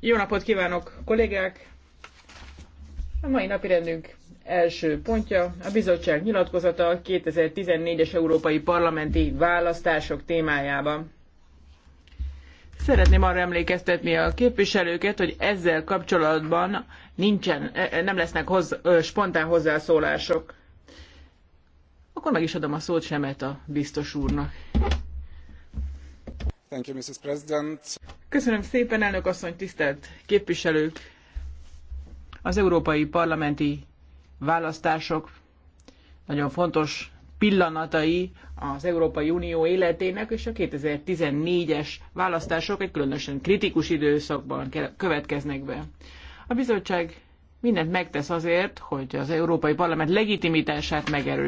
Jó napot kívánok, kollégák! A mai napirendünk első pontja a bizottság nyilatkozata a 2014-es európai parlamenti választások témájában. Szeretném arra emlékeztetni a képviselőket, hogy ezzel kapcsolatban nincsen, e, e, nem lesznek spontán hozzászólások. Akkor meg is adom a szót Semet a biztos úrnak. Thank you, Mrs. President. Köszönöm szépen, elnök asszony, tisztelt képviselők! Az európai parlamenti választások nagyon fontos pillanatai az Európai Unió életének, és a 2014-es választások egy különösen kritikus időszakban következnek be. A bizottság mindent megtesz azért, hogy az Európai Parlament legitimitását megerősítse.